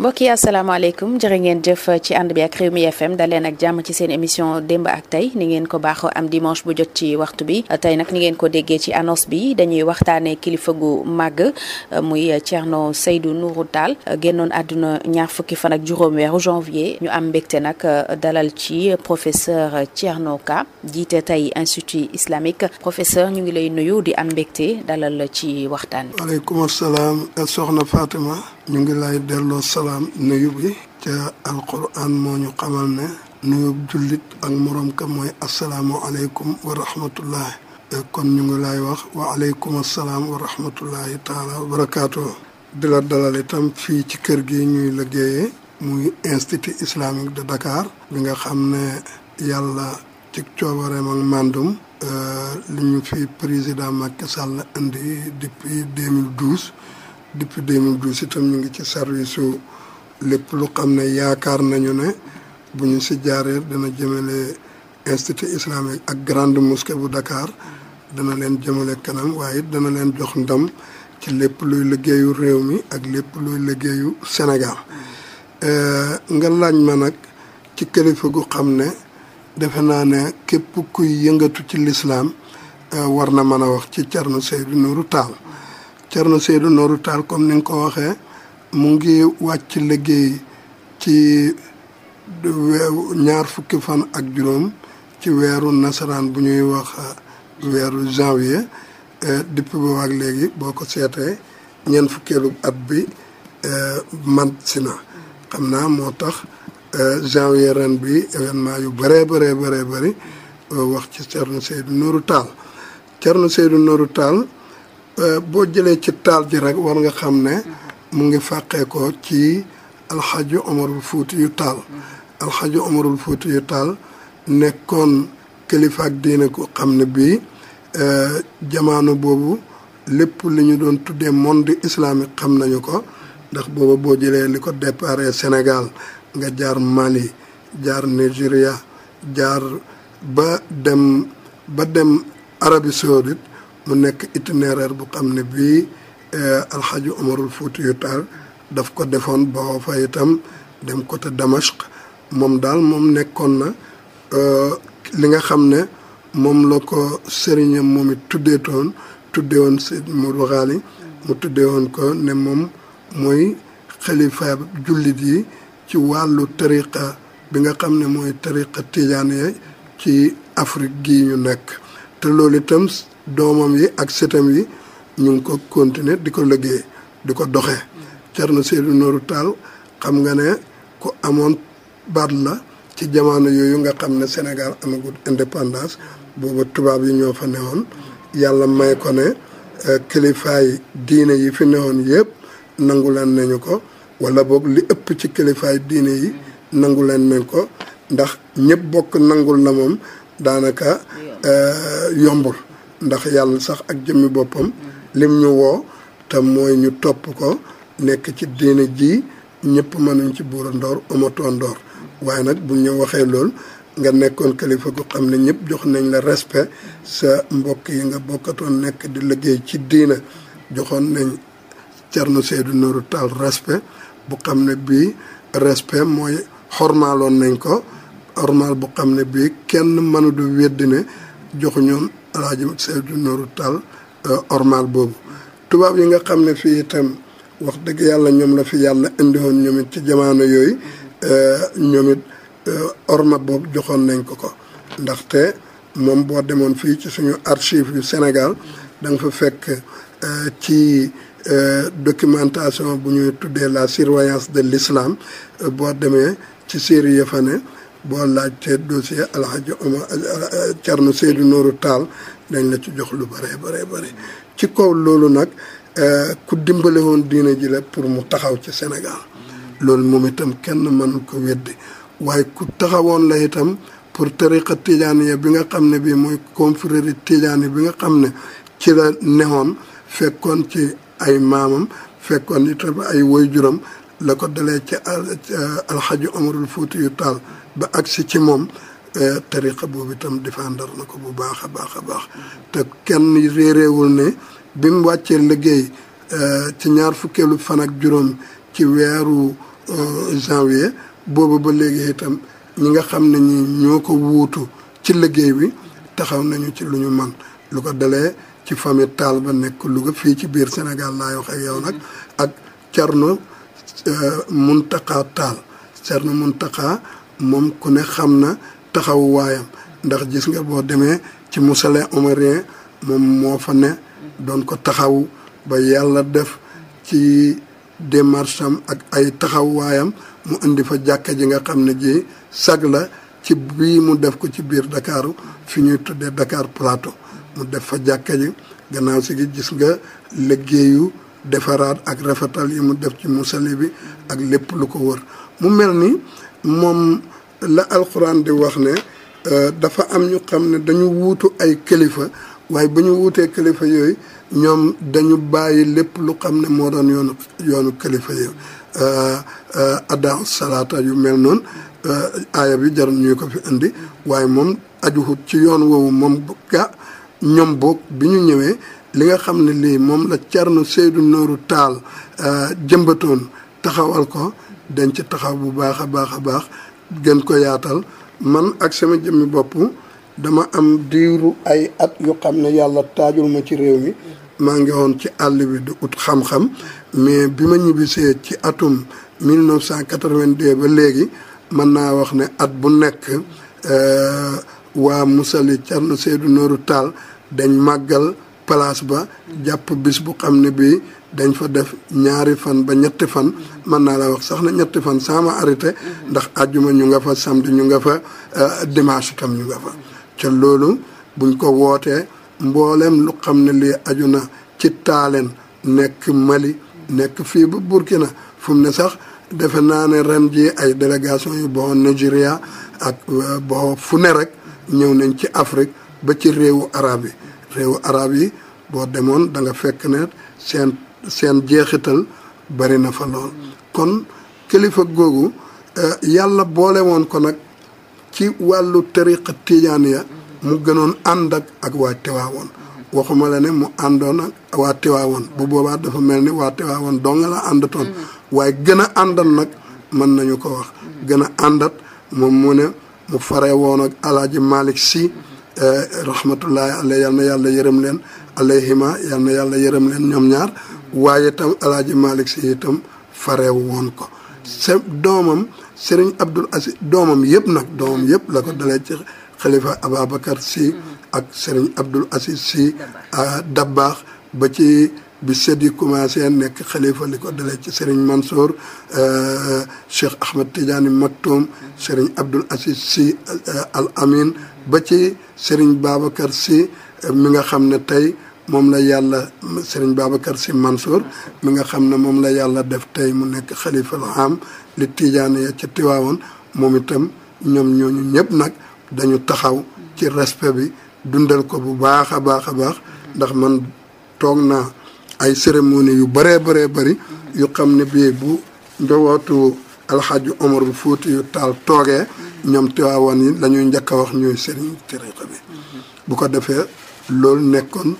mbokk yi asalaamaaleykum jërë ngeen jëf ci ànd bi ak Rewmi FM dal leen ak jàmm ci seen émission démb ak tey ni ngeen ko baaxoo am dimanche bu jot ci waxtu bi tey nag ni ngeen ko déggee ci annonce bi dañuy waxtaanee kilifa gu màgg muy Thierno Seydou nuru Tall génnoon àdduna ñaar fukki fan ak juróom weeru janvier ñu am mbégte nag dalal ci professeur Thierno Ka jiite tey institut islamique professeur ñu ngi lay nuyu di am mbégte dalal ci waxtaan bi. waaleykum ñu ngi lay delloo salaam nuyu bi ca alquran moo ñu xamal ne nuyub jullit ak moroom ka mooy asalaamu aleykum wa rahmatullahi kon ñu ngi lay wax wa aleykum assalaam wa rahmatullahi taala wa barakaatu di la dalal itam fii ci kër gi ñuy liggéeye muy institut islamique de Dakar bi nga xam ne yàlla ci coobareem ak mandum euh, li ñu fi président Macky Sall indi depuis 2012 depuis 2012 itam ñu ngi ci service su lépp lu xam ne yaakaar nañu ne bu ñu si jaaree dana jëmale institut islamique ak grande mosquée bu Dakar dana leen jëmale kanam waaye dana leen jox ndam ci lépp luy liggéeyu réew mi ak lépp luy liggéeyu Sénégal euh, nga laaj ma nag ci kilifa gu xam ne defe naa ne képp kuy yëngatu ci lislaam euh, war na mën a wax ci Thierno Seydou Nourou Tall Thierno Seydou Nourou Tall comme ni nga ko waxee mu ngi wàcc liggéey ci ñaar fukki fan ak juróom ci weeru nasaraan bu ñuy wax euh, weeru janvier euh, depuis boobu ak léegi boo ko seetee ñeent fukkeelu at bi euh, man si xam naa moo tax janvier ren bi événement yu bëree bëree bëree bëri wax ci Thierno Seydou Nourou Tall Thierno Seydou Nourou Tall Euh, boo jëlee ci taal ji rek war nga xam ne mu ngi fàqee ko ci alxaju omarul fuuti yu taal alxaju omarul fuuti yu taal nekkoon kilifaak ak diine ko xam ne bii euh, jamaano boobu lépp li ñu doon tuddee monde islamique xam nañu ko ndax booba boo jëlee li ko déparé senegal nga jaar Mali jaar Nigeria jaar ba dem ba dem Arabie Saoudite mu nekk itinéraire bu xam ne bii eh, alxaju Omarul Fuutiyu Taal daf ko defoon ba fa itam dem côté Damashq moom daal moom nekkoon na eh, li nga xam ne moom la ko sëriñam moom it tuddeetoon tuddeewoon Seyd Modou Ghali mu tuddeewoon ko ne moom mooy xalifa jullit yi ci wàllu tariqa bi nga xam ne mooy tariqa tijaan ya ci Afrique gi ñu nekk te loolu itam doomam yi ak sëtam yi ñu ngi ko continuer di ko liggéey di ko doxe Thierno Seydou Nourou Tall xam nga ne ko amoon baat la ci jamono yooyu nga xam ne Sénégal amagul indépendance boobu tubaab yi ñoo fa newoon yàlla may ko ne euh, kilifaay diine yi fi newoon yëpp nangu leen nañu ko wala boog li ëpp ci kilifaay diine yi nangu leen nañ ko ndax ñëpp bokk nangul la moom daanaka yombul euh, ndax yàlla sax ak jëmmi boppam lim ñu woo tam mooy ñu topp ko nekk ci diina ji ñëpp mën nañ ci buura ndoor umatoo ndoor waaye nag bu ñu waxee lool nga nekkoon kilifa gu xam ne ñëpp jox nañ la respe sa mbokk yi nga bokkatoon nekk di liggéey ci diina joxoon nañ Thierno Seydou Nourou Tall respect bu xam ne bii respe mooy xormaaloon nañ ko xormaal bu xam ne bii kenn mënu du weddi ne joxu ñoom alaaji Seydou Nourou euh, ormal boobu tubaab yi nga xam ne fii itam wax dëgg yàlla ñoom la fi yàlla indiwoon ñoom ci jamono yooyu euh, ñoom it euh, orma boobu joxoon nañ ko ko ndaxte moom boo demoon fii ci suñu archive yu Sénégal danga fa fekk ci documentation bu ñuy tuddee la surveillance de l'islam boo demee ci série ya fa ne boo laajtee dossier alxaji Omar Thierno Seydou Nourou taal dañ la ci jox lu bare bare bare ci kaw loolu nag eh, ku dimbale woon diine ji la pour mu taxaw ci Sénégal loolu moom itam kenn mënul ko weddi waaye ku taxawoon la itam pour tariqa tijaaniya bi nga xam ne bii mooy confrérie tijaani bi nga xam ne ci la newoon fekkoon ci ay maamam fekkoon itam ay woy juróom la ko dalee ci alxaji amarul Fuuti yu taal ba agsi ci moom eh, tariqa boobu itam défendre na ko bu baax a baax a baax te kenn réeréewul ne bi mu wàccee liggéey eh, ci ñaar fukkeelu fan ak juróom ci weeru eh, janvier boobu ba léegi itam ñi nga xam ne ñi ñoo ko wuutu ci liggéey bi taxaw nañu ci lu ñu man lu ko dalee ci famille taal ba nekk Louga fii ci biir Sénégal laay wax ak yow nag ak carno Muntaqa Taal Cerno Muntaqa moom ku ne xam na taxawu waayam ndax gis nga boo demee ci musale omarien moom moo fa ne doon ko taxaw ba yàlla def ci démarche am ak ay taxawaayam mu indi fa jàkka ji nga xam ne ji sag la ci bii mu def ko ci biir Dakaaru fi ñuy tuddee Dakar Plateau mu def fa jàkka ji gannaaw si gi gis nga liggéeyu defaraat ak rafetal yi mu def ci musali bi ak lépp lu ko wër mu mel ni moom la alxuraan di wax ne euh, dafa am ñu xam ne dañu wuutu ay kilifa waaye ba ñu wuutee kilifa yooyu ñoom dañu bàyyi lépp lu xam ne moo doon yoonu yoonu kilifa yooyu euh, euh, adan salaata yu mel noonu aaya bi jarul ñuy ko fi indi waaye moom ajuhut ci yoon woowu moom ga ñoom boog bi ñu ñëwee li nga xam ne lii moom la Thierno Seydou Nourou Tall euh, jëmbatoon taxawal ko dañ ci taxaw bu baax a baax a baax gën ko yaatal man ak sama jëmmi bopp dama am diiru ay at yu xam ne yàlla taajul ma ci réew mi maa ngi woon ci àll bi di ut xam-xam mais bi ma ñibbisee ci atum 1982 ba léegi mën naa wax ne at bu nekk euh, waa Moussaly Thierno Seydou Nourou taal dañ màggal palaas ba jàpp bis bu xam ne bii dañ fa def ñaari fan ba ñetti fan mën naa la wax sax na ñetti fan sama arrêté ndax àjjuma ñu nga fa samedi ñu nga fa euh, dimanche tam ñu nga fa ca loolu buñ ko wootee mboolem lu xam ne lii aju na ci taaleen nekk Mali nekk fii ba Burkina fu ne sax defe naa ne ren ji ay délégation yu boo Nigeria ak euh, boo fu ne rek ñëw nañ ci Afrique ba ci réewu araab yi réew araab yi boo demoon danga fekk ne seen seen jeexital bari na fa lool kon kilifa googu eh, yàlla boole woon ko nag ci wàllu tariqa tiijaan ya mu gënoon ànd ak ak waa Tiwaawoon waxuma la ne mu àndoon ak waa Tiwaawoon bu boobaa dafa mel ni waa Tiwaawoon dong la àndatoon mm-hmm. waaye gën a àndat nag mën nañu ko wax mm-hmm. gën a àndat moom mu ne mu fare woon ak alaaji Malick si Eh, rahmatullahi alay yal na yàlla yërëm leen alayhima yal na yàlla yërëm leen ñoom ñaar waaye itam alaaji Malick si itam farewu woon ko se doomam Serigne Abdoul Aziz doomam yëpp nag doomam yëpp la ko dalee ci xalifa Ababacar si ak Serigne Abdoul Aziz si ah, dabbaax ba ci bi sedd yi commencé nekk xalifa li ko dalee ci Serigne Mansour eh, Cheikh Ahmed Tidiane Maktoum Serigne Abdoul Aziz si eh, Al Amin ba ci Serigne Babacar si eh, mi nga xam ne tey moom la yàlla Serigne Babacar Sy Mansour mi nga xam ne moom la yàlla def tey mu nekk xalifa am li tiijaan ya ci Tiwaawoon moom itam ñoom ñooñu ñëpp nag dañu taxaw ci respe bi dundal ko bu baax a baax a baax ndax man toog naa ay cérémonie yu bëree bëree bari yu xam ne bii bu njowootu alxaaju omor bu Fuuti yu taal toogee ñoom Tiwaawan yi la ñuy njëkk a wax ñuy sëriñ tariqa bi bu ko defee loolu nekkoon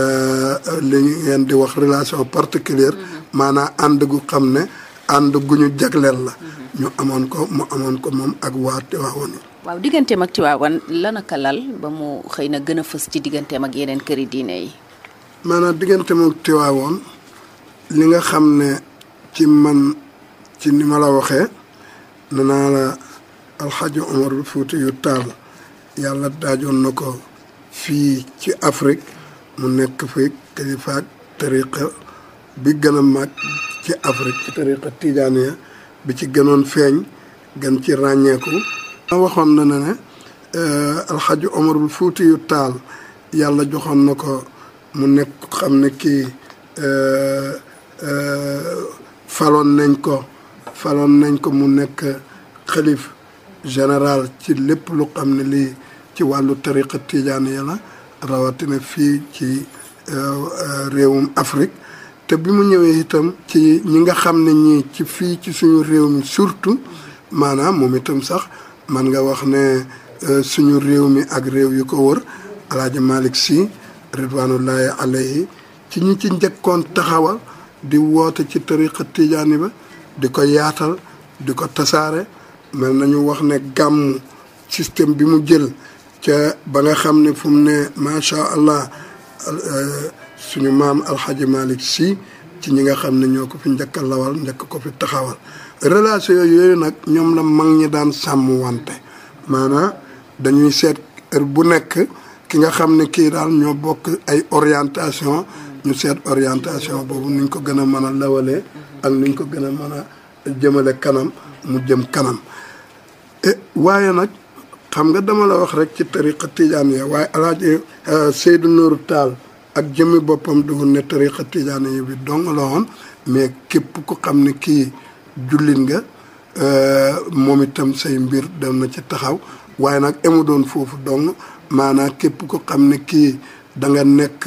euh, li ngeen di wax relation particulière maanaam ànd gu xam ne ànd gu ñu jagleel la ñu amoon ko mu amoon ko moom ak waa Tiwaawan yi waaw digganteem ak Tiwaawan lan aka lal ba mu xëy na gën a fës ci digganteem ak yeneen këri diine yi maanaam digganteem ak Tiwaawan li nga xam ne ci man ci ni ma la waxee naa la alxaaji omarul fuuti yu taal yàlla daajoon na ko fii ci Afrique mu nekk fi kilifaak tariqa bi gën a mag ci Afrique ci tariqa tijaaniya bi ci gënoon feeñ gën ci ràññeeku a waxoon na ne ne eh, alxaaji omarul fuuti yu taal yàlla joxoon na ko mu nekk xam ne kii eh, eh, faloon nañ ko faloon nañ ko mu nekk xalif général ci lépp lu xam ne lii ci wàllu tariqa tiijaan ya la rawatina fii ci euh, euh, réewum Afrique te bi mu ñëwee itam ci ñi nga xam ne ñii ci fii ci suñu réew mi surtout maanaam moom itam sax man nga wax ne euh, suñu réew mi ak réew yu ko wër alaaji Malick Sy ridwanullahi alayhi ci ñi ci njëkkoon taxawal di woote ci tariqa tijaani ba di ko yaatal di ko tasaare mel nañu wax ne gàmm système bi mu jël ca ba nga xam ne fu mu ne macha allah euh, suñu maam alxaji malik si ci ñi nga xam ne ñoo ko fi njëkk a lawal njëkk ko fi taxawal relation yooyu nag ñoom la mag ñi daan sàmm wante maanaam dañuy seet bu nekk ki nga xam ne kii daal ñoo bokk ay orientation ñu seet orientation boobu nuñ ko gën a mën a lawalee ak nuñ ko gën a mën a jëmale kanam mu jëm kanam Eh, waaye nag xam nga dama la wax rek ci tariqa tijaaniya waaye alaaji eh, Seydou Nourou taal ak jëmmi boppam du ne tariqa tijaaniya bi dong la woon mais képp ku xam ne kii jullit nga eh, moom itam say mbir dem na ci taxaw waaye nag emu doon foofu dong maanaam képp ku xam ne kii da nekk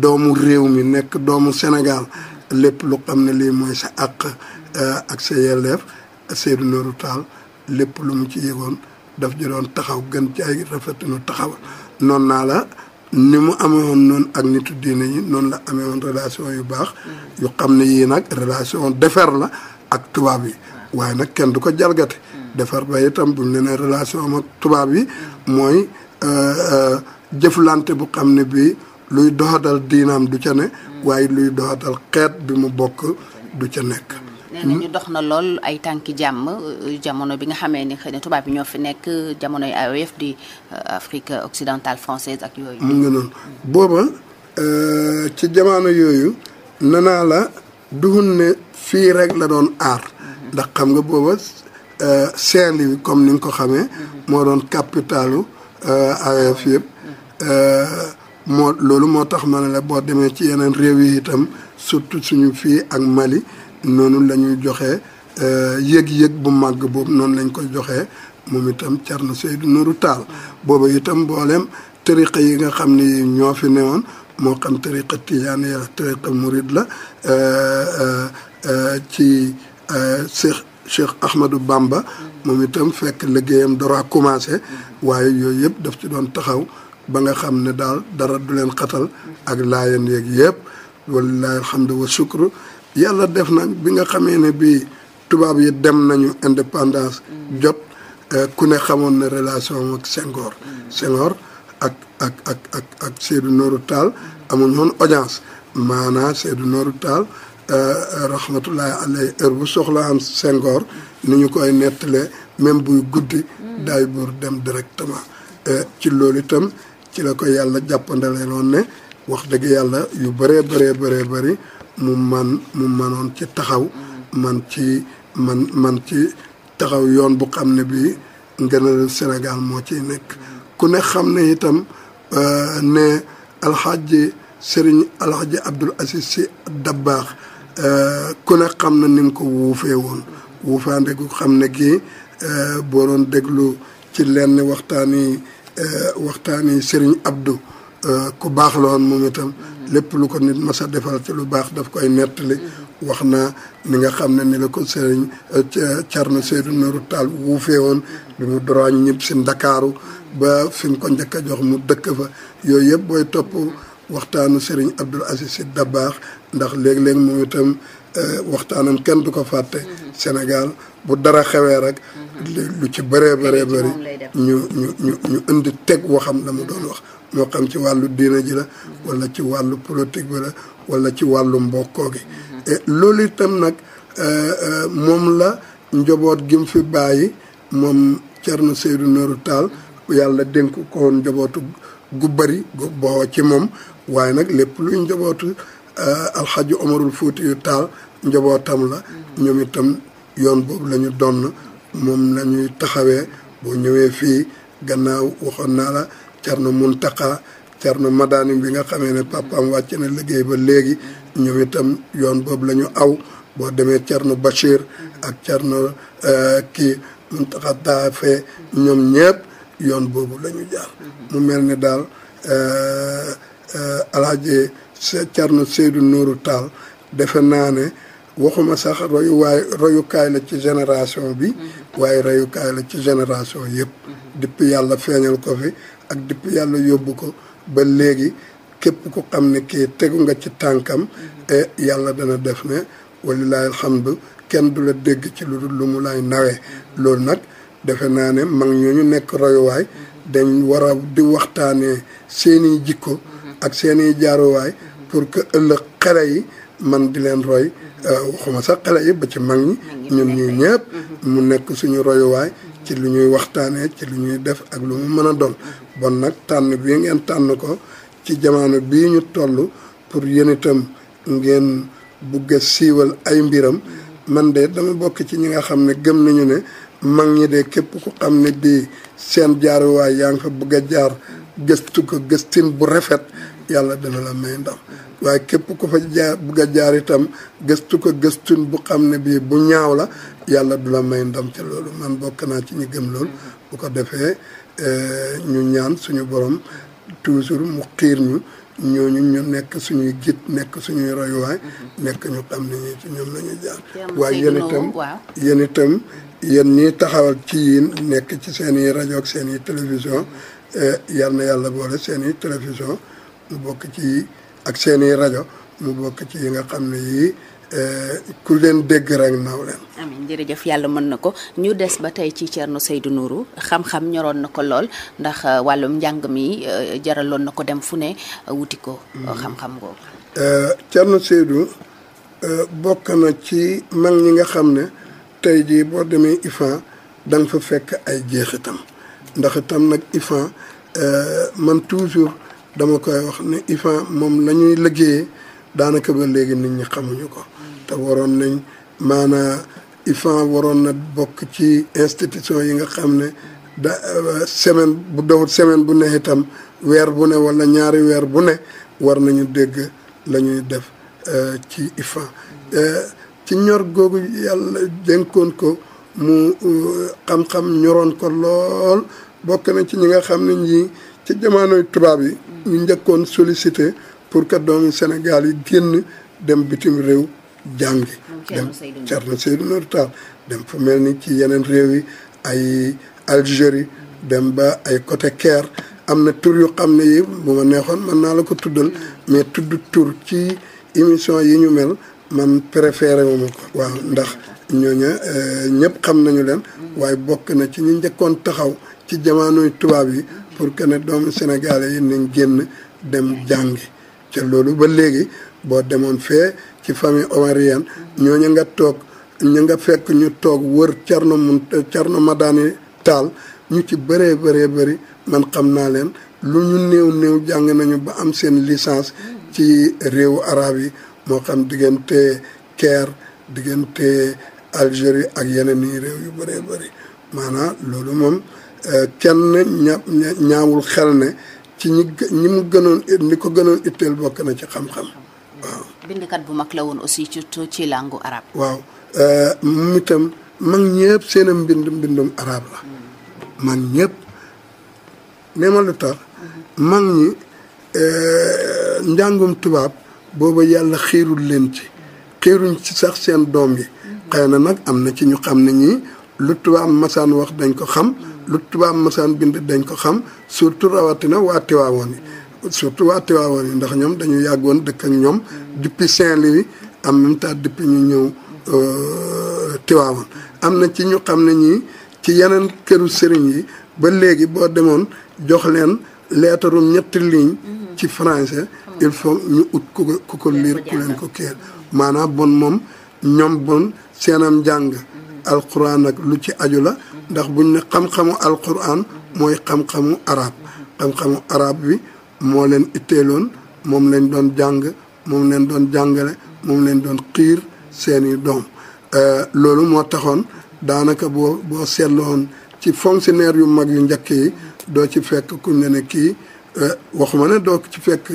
doomu réew mi nekk doomu Sénégal lépp lu xam ne lii mooy sa àq ak sa yelleef Seydou Nourou Tall lépp lu mu ci yëgoon daf ji doon taxaw gën ci ay nu taxaw noon naa la ni mu amewoon noonu ak nitu diine yi noonu la amewoon relation yu baax yu xam ne yii nag relation defar la ak tubaab yi waaye nag kenn du ko jalgati defar ba itam bu ne ne relation am ak tubaab yi mooy euh, euh, jëflante bu xam ne bi luy doxatal diinaam du ca ne waaye luy doxatal xeet bi mu bokk du ca nekk nee nañu dox na lool ay tànki jàmm euh, jamono bi nga xamee ni xëy na tubaab bi ñoo fi nekk jamonoy AOF di euh, Afrique occidentale française ak yooyu. mu ngi noonu booba euh, ci jamono yooyu nana la duhun ne fii rek la doon aar. ndax xam nga booba Saint-Louis comme ni nga ko xamee. moo doon capitalu AOF yëpp. moo loolu moo tax ma ne la boo demee ci yeneen réew yi itam surtout suñu fii ak Mali. noonu lañuy ñuy joxe euh, yëg-yëg bu màgg boobu noonu lañ koy joxe moom itam Thierno Seydou Nourou Tall booba itam mboolem tariqa yi nga xam ni ñoo fi newoon moo xam tariqa tijaan ya tariqa murid la euh, euh, ci Cheikh Cheikh Ahmadou Bamba moom itam fekk liggéeyam dara commencé waaye yooyu yëpp daf ci doon taxaw ba nga xam ne daal dara du leen xatal ak laayeen yeeg yëpp wallaahi alhamdu wa shukru yàlla def nañ bi nga xamee ne bii tubaab yi dem nañu indépendance jot euh, ku ne xamoon na relation ak Senghor Senghor ak ak ak ak ak Seydou Nourou Tall amuñ maanaa Seydou Nourou Tall euh, rahmatullahi alay heure bu soxla am Senghor ni ñu koy nettalee même buy guddi daay buur dem directement euh, ci loolu itam ci la ko yàlla jàppandale loon ne wax dëgg yàlla yu bëree bëree bëree bëri mu man mu manoon ci taxaw man ci man man ci taxaw yoon bu xam ne bii ngënal Sénégal moo ci nekk ku ne xam ne itam euh, ne alxaaji sëriñ alxaaji Abdul Aziz Si Dabbaax euh, ku ne xam na ni mu ko wuufee woon wuufaande gu xam ne gii euh, boo doon déglu ci lenn waxtaani waxtaani sëriñ Abdou Euh, ku baax la moom itam lépp lu ko nit mas a defal ci lu baax daf koy nettali wax naa ni nga xam ne ni la ko sëriñ euh, Thierno Seydou Nourou Tall wuufee woon bi mu droñ ñëpp si Ndakaaru ba fi mu ko njëkk a jox mu dëkk fa yooyu yëpp booy topp waxtaanu sëriñ Abdoul Aziz Sy Dabakh ndax léeg-léeg moom itam euh, waxtaanam kenn du ko fàtte Sénégal bu dara xewee rek lu ci bëree bëree bëri ñu ñu ñu ñu indi teg waxam la mu doon wax moo xam ci wàllu diine ji la wala ci wàllu politique bi la walla ci wàllu mbokkoo gi loolu itam nag euh, euh, moom la njaboot gi fi bàyyi moom Thierno Seydou Nourou taal yàlla dénk ko woon njabootu gu bëri gu boo ci moom waaye nag lépp luy njabootu euh, alxaji amarul Fuuti yu Taal njabootam la ñoom itam yoon boobu la donn moom la taxawee boo ñëwee fii gannaaw waxoon naa la Cerno Muntaxa Cerno Madani bi nga xamee ne papaam wàcc na liggéey ba léegi ñoom itam yoon boobu lañu aw boo demee Cerno Bachir ak Cerno euh, kii Muntaxa Daafe ñoom ñëpp yoon boobu la ñu jaar mu mel ni daal euh, euh, alaaji Cerno Seydou Nourou taal defe naa ne waxuma sax royu waay royukaay la ci génération bi waaye royukaay la ci génération yëpp depuis yàlla feeñal ko fi ak depuis yàlla yóbbu ko ba léegi képp ku xam ne kii tegu nga ci tànkam mm-hmm. eh, yàlla dana def ne walilahi alhamdu kenn du la dégg ci lu dul lu mu lay nawee mm-hmm. loolu nag defe naa ne mag ñu nekk royuwaay mm-hmm. dañ war a di waxtaanee seeni jikko ak seeni jaaruwaay pour que ëllëg xale yi man di leen roy eh, waxuma sax xale yi ba ci mag ñi ñun ñuy ñëpp mu nekk suñu royuwaay ci lu ñuy waxtaanee ci lu ñuy def ak lu mu mën a doon bon nag tànn bi ngeen tànn ko ci jamono bii ñu toll pour yéen itam ngeen bugg a siiwal ay mbiram man de dama bokk ci ñi nga xam ne gëm nañu ne mag ñi de képp ku xam ne di seen jaaruwaay yaa ngi fa bëgg a jaar gëstu ko gëstin bu rafet yàlla dana la may ndam waaye képp ku fa jaar bëgg a jaar itam gëstu ko gëstin bu xam ne bii bu ñaaw la yàlla du la may ndam ca loolu man bokk naa ci ñu gëm loolu bu ko defee ñu ñaan suñu borom toujours mu xiir ñu ñoo ñu ñu nekk suñuy git nekk suñuy royuwaay nekk ñu xam ne ñi ci ñoom la ñuy waaye yéen itam yéen itam yéen ñii taxawal ci yéen nekk ci seen i rajo ak seen i télévision eh, yal na yàlla boole seen i télévision mu bokk ci ak seen i rajo mu bokk ci yi nga xam ne yi Eh, ku leen dégg rek naw leen. amiin jërëjëf yàlla mën na ko ñu des ba tey ci Thierno Seydou Nourou xam-xam ñoroon na ko lool ndax eh, wàllum njàng mi eh, jaraloon na ko dem fu ne wuti ko. Mm-hmm. xam-xam googu. Thierno Seydou bokk na ci mag ñi nga xam ne tey jii boo demee IFAN da fu fekk ay jeexitam ndax itam nag IFAN man toujours dama koy wax ne IFAN moom la ñuy liggéeyee daanaka ba léegi nit ñi xamuñu ko. te waroon nañ maanaa IFAN waroon na bokk ci institution yi nga xam ne da euh, semaine bu dawut semaine bu ne itam weer bu ne wala ñaari weer bu ne war nañu dégg lañuy def euh, ci IFAN euh, ci ñor googu yàlla dénkoon ko mu xam-xam ñoroon ko lool bokk na ci ñi nga xam ne ñi ci jamonoy tubaab yi ñu njëkkoon sollicité pour que doomi Sénégal yi génn dem bitim réew jàngi dem Cerno Seydou Nourou Tall dem fa mel ni ci yeneen réew yi ay Algérie dem ba ay côté Caire am na tur yu xam ne yi bu ma neexoon mën naa la ko tuddal mais tudd tur ci émission yi ñu mel man préféré ma ko waaw ndax ñooña euh, ñëpp xam nañu leen waaye bokk na ci ñu njëkkoon taxaw ci jamaanoy tubaab yi pour que ne doom Sénégalais yi nañ génn dem jàngi ca loolu ba léegi boo demoon fee ci famille omarienne ñooñu nga toog ñu nga fekk ñu toog wër Thierno mun taal ñu ci bëree bëree bëri man xam naa leen lu ñu néew néew jàng nañu ba am seen licence ci réewu arab yi moo xam diggante Caire diggante Algérie ak yeneen yi réew yu bëree bëri maanaam loolu moom euh, kenn ña ñaawul xel ne ci ñi ñi mu gënoon ni ko gënoon itteel bokk na ci xam-xam bindkat bu mag la woon aussi surtout ci làngu arabe. waaw euh, moom itam mag ñëpp seen mbind mbindum arabe la. mag ñëpp nee ma lu tax. mag ñi euh, njàngum tubaab booba yàlla xiirul leen ci. xiiruñ ci sax seen doom yi. xëy na nag am na ci ñu xam ne ñii lu tubaab masaan wax dañ ko xam. lu tubaab masaan bind dañ ko xam surtout rawatina waa Tiwaawoon yi surtout waa Tiwaawoon yi ndax ñoom dañu yàggoon dëkk ak ñoom depuis Saint-Louis en même temps depuis ñu ñëw euh, Tiwaawoon am na ci ñu xam ne ci yeneen këru sëriñ yi ba léegi boo demoon jox leen leetarum ñetti ligne ci français il faut ñu ut ku ko liir ku leen ko kéer maanaam bon moom ñoom bon seenam jàng alquran ak lu ci aju la ndax buñ ne xam-xamu alquran mooy xam-xamu araab xam-xamu arab bi moo leen itteeloon moom lañ doon jàng moom leen doon jàngale moom leen doon xiir seeni doom euh, loolu moo taxoon daanaka boo boo seetloon ci fonctionnaire yu mag yu njëkk yi doo ci fekk kuñ ne ne kii euh, waxuma ne doo ci fekk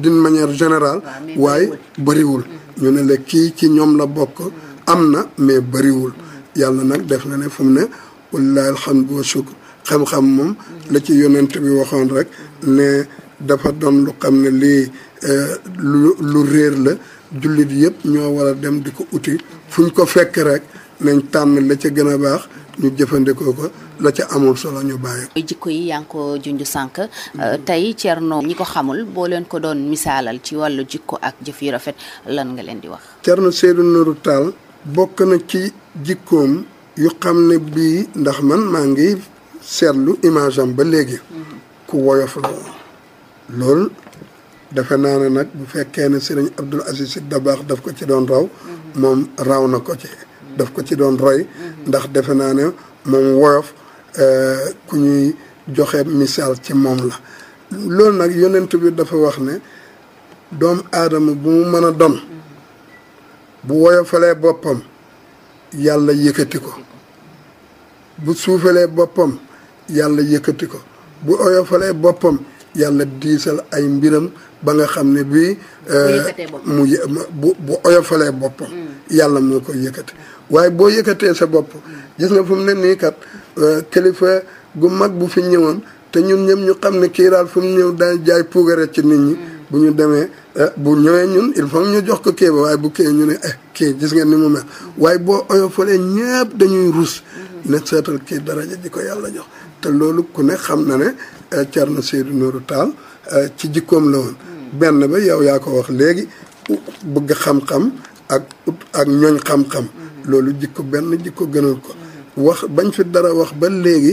d'une manière générale waaye bëriwul ñu ne la kii ci ñoom la bokk am na mais bëriwul mm. yàlla nag def la ne fu mu ne wallahi alhamdu wa shukr xam-xam moom la ci yonent bi waxoon rek ne dafa doon lu xam ne lii eh, lu lu réer la jullit yëpp ñoo war a dem di ko uti fu ñu ko fekk rek nañ tànn la ca gën a baax ñu jëfandikoo ko la ci amul solo ñu bàyyi jikko yi yaa ngi ko junj sànq euh, tey Thierno ñi ko xamul boo leen ko doon misaalal ci wàllu jikko ak jëf yu rafet lan nga leen di wax Thierno Seydou Nourou Tall bokk na ci jikkoom yu xam ne bii ndax man maa ngi seetlu image am ba léegi ku woyof la woon loolu defe naa ne nag bu fekkee ne sëriñ Abdul Aziz Sy Dabakh daf ko ci doon raw moom raw na ko ci daf ko ci doon roy ndax defe naa ne moom woyof euh, ku ñuy joxe misaal ci moom la loolu nag yonent bi dafa wax ne doom aadama bu mu mën a doon bu woyofalee boppam yàlla yëkkati ko bu suufalee boppam yàlla yëkkati ko bu oyofalee boppam yàlla diisal ay mbiram ba nga xam ne bii mu euh, bu bu oyofalee boppam mm. yàlla moo koy yëkkati waaye boo yëkkatee sa bopp gis nga fu mu ne nii kat euh, kilifa gu mag bu fi ñëwoon te ñun ñëpp ñu xam ne kii daal fu mu ñëw daan jaay puugare ci nit ñi mm. bu ñu demee euh, bu ñëwee ñun il faut ñu jox ko kii ba waaye bu kii ñu ne eh kii gis nga ni mu mel mm. waaye boo oyofalee ñëpp dañuy rus ne seetal kii daraja ji ko yàlla jox te loolu ku ne xam na ne eh, na Seydou Nourou Tall eh, ci jikkoom la woon. benn ba yow yaa ko wax léegi bëgg xam-xam ak ak ñooñ xam-xam. loolu jikko benn jikko gënal ko. wax bañ fi dara wax ba léegi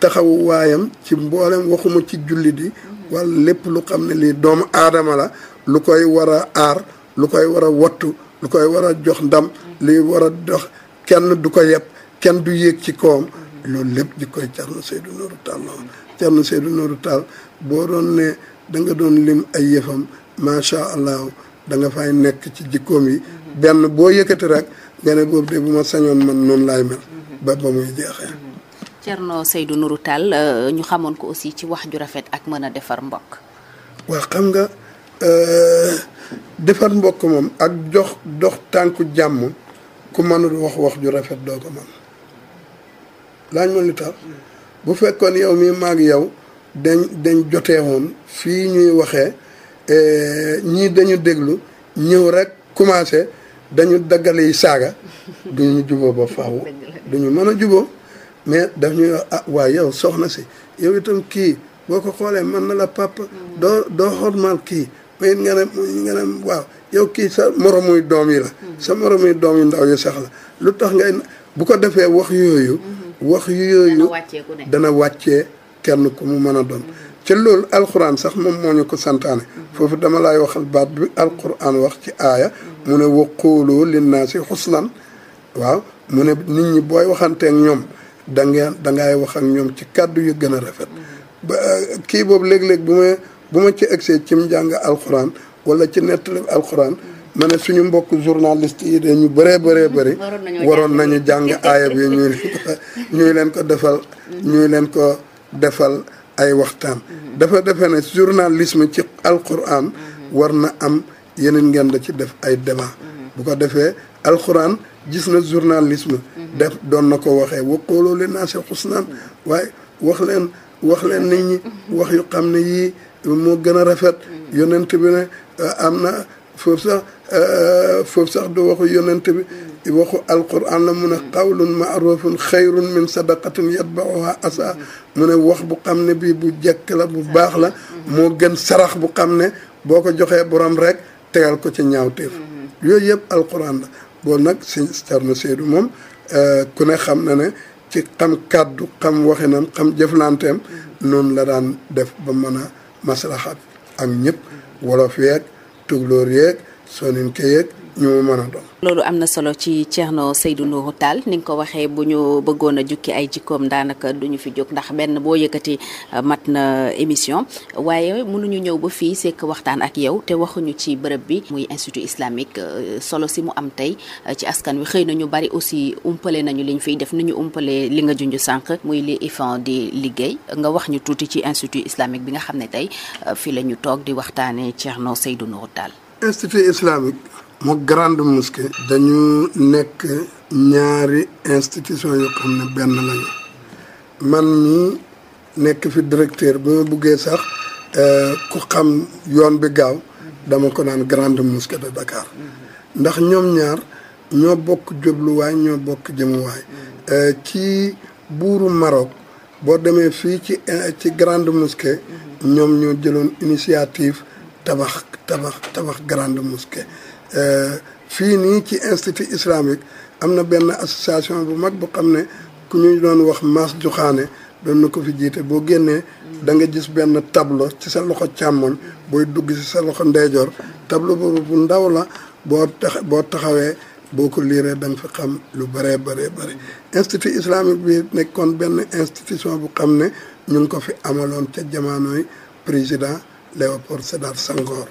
taxawu waayam ci mboolem waxuma ci jullit yi. wala lépp lu xam ne lii doomu aadama la lu koy war a aar lu koy war a wattu lu koy war a jox ndam. li war a dox kenn du ko yeb kenn du yéeg ci kawam. loolu lépp di koy Thierno Seydou Nourou Tall la woon Thierno Seydou Nourou Tall boo doon ne da doon lim ay yëfam macha allah da fay nekk ci jikkoom yi benn boo yëkkati rek nga ne boobu de bu ma sañoon man noonu laay mel ba ba muy jeexee. Thierno Seydou Nourou Tall euh, ñu xamoon ko aussi ci wax ju rafet ak mën a defar mbokk. waaw xam nga euh, defar mbokk moom ak jox dox tànku jàmm ku mënul wax wax ju rafet doo ko mën. laaj ma lu tax bu fekkoon yow mi maag yow dañ dañ jotee woon fii ñuy waxee eh, ñii dañu déglu ñëw rek commencé dañu daggale yi saaga duñu juboo ba faaw duñu mën a juboo mais daf ñuy wax ah waaye yow soxna si yow itam kii boo ko xoolee mën na la papa doo doo xormaal kii mais nga ne waaw yow kii sa moromuy doom yi la sa moromuy doom yu ndaw yi sax la lu tax ngay bu ko defee wax yooyu wax yooyu dana wàcce kenn ku mu mën a doon mm-hmm. ci loolu alxuraan sax moom moo ñu ko santaane mm-hmm. foofu dama laay waxal baat bi alxuraan wax ci aaya mm-hmm. mu ne waqooloo linnaasi xuslan waaw mu ne nit ñi booy waxanteek ñoom da ngeen dangay wax ak ñoom ci kàddu yu gën a rafet eh, kii boobu léeg-léeg bu ma bu ma ci egsee cim njàng alxuraan wala ci nettali alxuraan ma ne suñu mbokk journaliste yi de ñu bëree bëree bëri waroon nañu jàng aaya bi ñuy ñuy leen ko defal ñuy leen ko defal ay waxtaan mm-hmm. dafa defe ne journalisme ci alquran mm-hmm. war na am yeneen ngeen da ci def ay débat mm-hmm. bu ko defee alquran gis na journalisme def doon na ko waxee waqooloo li naase waaye wax leen wax leen ni ñi wax yu xam ne yii moo gën a rafet yonent bi ne euh, am na foofu sax euh, foofu sax du waxu yonent bi mm. waxu alquran la mu ne qawlun maarufun xayrun min sadaqatin yatbauha asa mu ne wax bu xam ne bii bu jekk la bu baax la mm-hmm. moo gën sarax bu xam ne boo ko joxee borom rek tegal ko ci ñaawteef mm-hmm. yooyu yëpp alquran la boobu nag si Thierno Seydou moom euh, ku ne xam na ne ci xam kàddu xam waxinam xam jëflanteem mm-hmm. noonu la daan def ba mën a maslaxaat ak ñëpp wolof yeeg tukulóor yeeg soninke yeeg ñu mën loolu am na solo ci Thierno Seydou Nourou Tall ni nga ko waxee bu ñu bëggoon a jukki ay jikkoom daanaka duñu fi jóg ndax benn boo yëkkati euh, mat na émission waaye mënuñu ñëw ba fii sekk waxtaan ak yow te waxuñu ci bërëb bi muy institut islamique euh, solo si mu am tey euh, ci askan wi xëy na ñu bari aussi umpale nañu liñ fiy def ni ñu umpalee li nga junj sànq muy li IFAN di liggéey nga wax ñu tuuti ci institut islamique bi nga xam ne tey fii la ñu toog di waxtaanee Thierno Seydou Nourou mu grande mosquée dañu nekk ñaari institution yoo xam ne benn lañu man mi nekk fi directeur ba ma buggee sax euh, ku xam yoon bi gaaw dama ko naan grande mosquée de Dakar ndax ñoom ñaar ñoo bokk jubluwaay ñoo bokk jëmuwaay euh, ci buuru Maroc boo demee fii ci euh, ci grande mosquée ñoom ñoo jëloon initiative tabax tabax tabax grande mosquée Eh, fii nii ci institut islamique am na benn association bu mag bu xam ne ku ñuy doon wax Mass Joxaane doon na ko fi jiite boo génnee da nga gis benn tableau ci sa loxo càmmoñ booy dugg ci sa loxo ndeyjoor tableau boobu bu ndaw la boo taxawee boo ko liiree da nga fi xam lu bëree bëree bëri institut islamique bi nekkoon benn institution bu xam ne ñu ngi ko fi amaloon ca jamaanoy président Léopold Sédar Senghor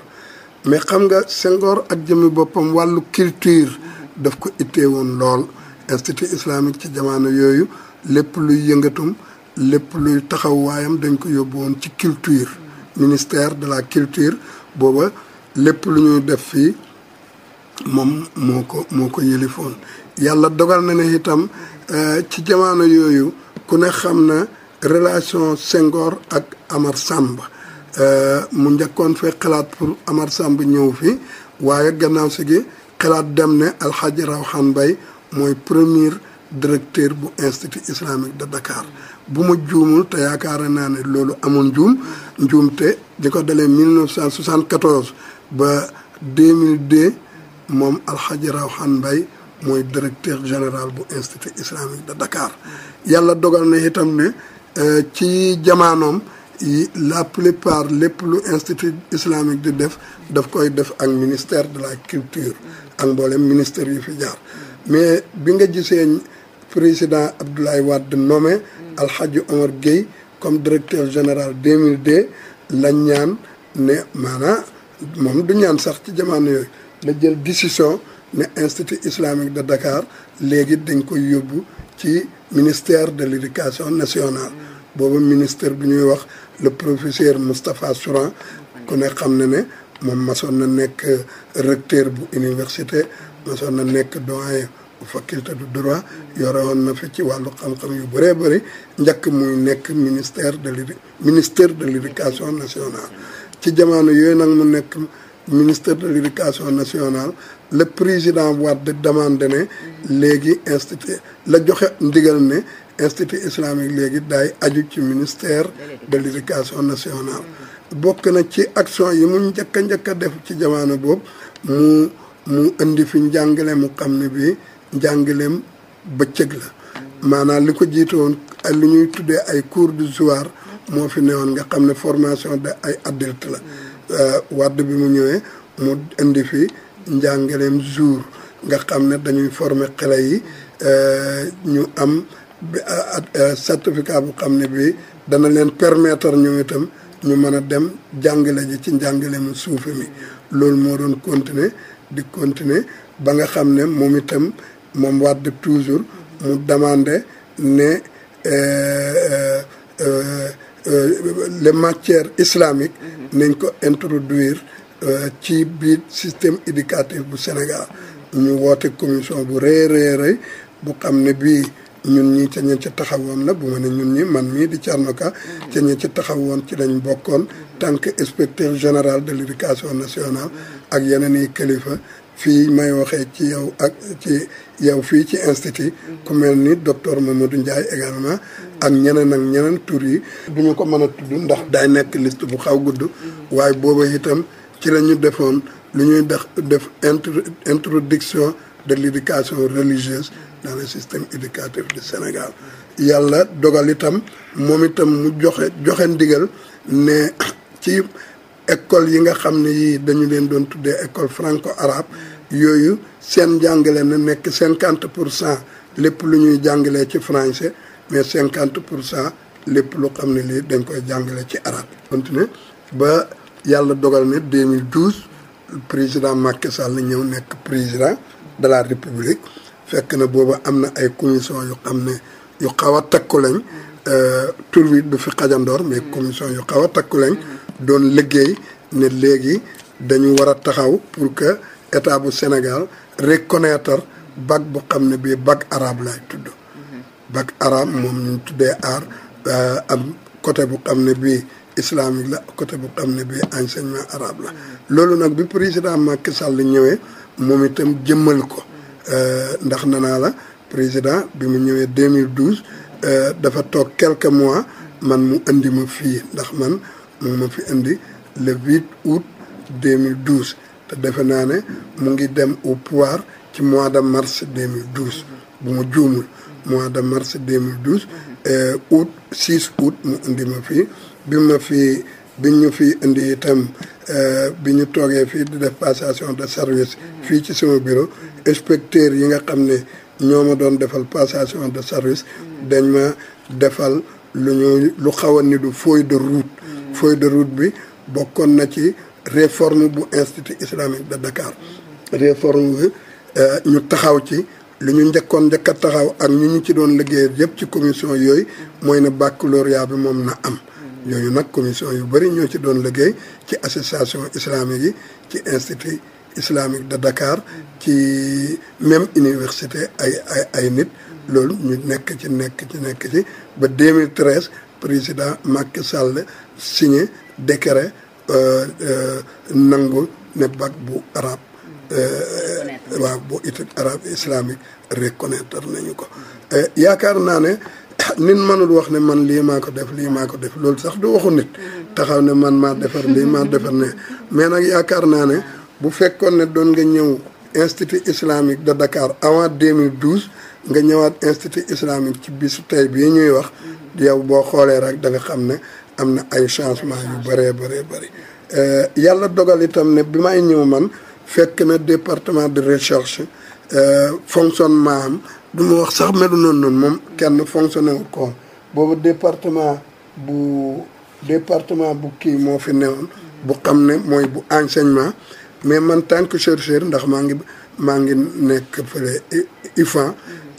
mais xam nga Senghor ak jëmmi boppam wàllu culture daf ko ittee woon lool institut islamique ci jamono yooyu lépp luy yëngatum lépp luy taxawaayam dañ ko yóbbu woon ci culture ministère de la culture booba lépp lu ñuy def fii moom moo ko moo ko yëlifoon yàlla dogal na ne itam euh, ci jamono yooyu ku ne xam na relation Senghor ak Amar Samba mu njëkkoon fi xalaat pour Amar Samb ñëw fii waaye gannaaw si gi xalaat dem ne Alxaaji Rawxaan Mbay mooy premier directeur bu institut islamique de Dakar bu ma juumul te yaakaar naa ne loolu amoon juum njuumte di ko dalee 1974 ba 2002 moom Alxaaji Rawxaan Mbay mooy directeur général bu institut islamique de Dakar yàlla dogal na itam ne euh, ci jamaanoom yi la plupart lépp lu institut islamique di def daf koy def ak ministère de la culture ak mboolem ministère yu fi jaar mais bi nga gisee président Abdoulaye Wade nommé Alhaji Omar Gueye comme directeur général de la ñaan ne maanaam moom du ñaan sax ci jamono yooyu la jël décision ne institut islamique de Dakar léegi dañ koy yóbbu ci ministère de l'éducation nationale booba ministre bi ñuy wax le professeur Moustapha Souran ku ne xam na ne moom masoon na nekk recteur bu université masoon na nekk doyen faculté du droit yore woon na fi ci wàllu xam-xam yu bëree bëri njëkk muy nekk ministère de l' ministère de l' éducation nationale. ci jamono yooyu nag mu nekk ministère de l' éducation nationale le président de demande ne léegi institut la joxe ndigal ne. institut islamique léegi daay aju ci ministère de l'éducation nationale bokk na ci action yi mu njëkk a a def ci jamono boobu mu mu indi fi njàngale mu xam ne bi njàngaleem bëccëg la maanaam li ko jiite woon lu ñuy tuddee ay cours du soir moo fi woon nga xam ne formation de ay adulte la euh, wadd bi mu ñëwee mu indi fi njàngaleem jour nga xam ne dañuy former xale yi euh, ñu am bi certificat bu xam ne bi dana leen permettre ñoom itam ñu mën a dem jàngale ji ci njàngale mu suufe mi loolu moo doon continuer di continuer ba nga xam ne moom itam moom Wade toujours mu demandé ne euh, euh, euh, les matières islamiques nañ ko introduire ci biir système éducatif bu Sénégal ñu woote commission bu rëy rëy rëy bu xam ne bii ñun ñi ca ña ca taxawoon la bu ma ne ñun ñi man mii di Thierno Ka ca ña ci taxawoon ci lañ bokkoon tant que inspecteur général de l'éducation nationale ak yeneen yi kilifa fii may waxee ci yow ak ci yow fii ci institut ku mel ni docteur Mamadou Ndiaye également ak ñeneen ak ñeneen tur yi du duñu ko mën a tudd ndax daay nekk liste bu xaw gudd waaye booba itam ci la ñu defoon lu ñuy def def introduction de l'éducation religieuse dans le système éducatif de Sénégal yàlla dogal itam moom itam mu joxe joxe ndigal ne ci école yi nga xam ne yii dañu leen doon tuddee école franco-arabe yooyu seen njàngale na nekk cinquante pour cent lépp lu ñuy jàngalee ci français mais cinquante pour cent lépp lu xam ne lii dañ koy jàngale ci arabe. continuer ba yàlla dogal ne 2012 président Macky Sall ñëw nekk président de la République. fekk na booba am na ay commission yu xam ne yu xaw a takku lañ euh, tur wi du fi xajandoor mais commission yu xaw a takku lañ doon liggéey ne léegi dañu war a taxaw pour que état bu Sénégal reconnaître bac bu xam ne bii bac araab lay tudd bac arabe moom ñu tuddee aar euh, am côté bu xam ne bii islamique la côté bu xam ne bii enseignement arabe la loolu nag bi président Macky Sall ñëwee moom itam jëmmal ko Euh, ndax nanaa la président bi mu ñëwee 2012 euh, dafa toog quelque mois man mu indi ma fii ndax man mu ma fi indi le 8 août 2012 te defe naa ne mu ngi dem au pouvoir ci mois de mars 2012 bu ma juumul mois de mars 2012 euh, août 6 août mu indi ma fii bi ma fii bi ñu fi indi itam euh, bi ñu toogee fii di def passation de service fii ci sama bureau inspecteur yi nga xam ne ñoo ma doon defal passation de service dañ ma defal lu ñu lu xaw a ni du feuille de route feuille de route bi bokkoon na ci réforme bu institut islamique de Dakar réforme bi euh, ñu taxaw ci li ñu njëkkoon njëkk a taxaw ak ñu ñu ci doon liggéey yëpp ci commission yooyu mooy ne baccalauréat bi moom na am ñooñu nag commission yu bëri ñoo ci doon liggéey ci association islamique yi ci institut islamique de Dakar ci même université ay ay ay nit loolu ñu nekk ci nekk ci nekk ci ba 2013 président Macky Sall signé décret euh, euh, nangu ne bac bu arabe euh, waaw bu étude arabe islamique reconnaître nañu ko yaakaar naa ne nit mënul wax ne man lii maa ko def lii maa ko def loolu sax du waxu nit taxaw ne man maa defar lii maa defar ne mais nag yaakaar naa ne bu fekkoon ne doon nga ñëw institut islamique de Dakar avant 2012 nga ñëwaat institut islamique ci su tey bii ñuy wax yow boo xoolee rek da nga xam ne am na ay changement yu bëree bëree bëri euh, yàlla dogal itam ne bi may ñëw man fekk na département de recherche euh, fonctionnement am du ma wax sax melu noonu noon moom kenn fonctionné wul ko boobu département bu département bu kii moo fi newoon bu xam ne mooy bu enseignement mais man tant que chercheur ndax maa ngi maa ngi nekk fële IFAN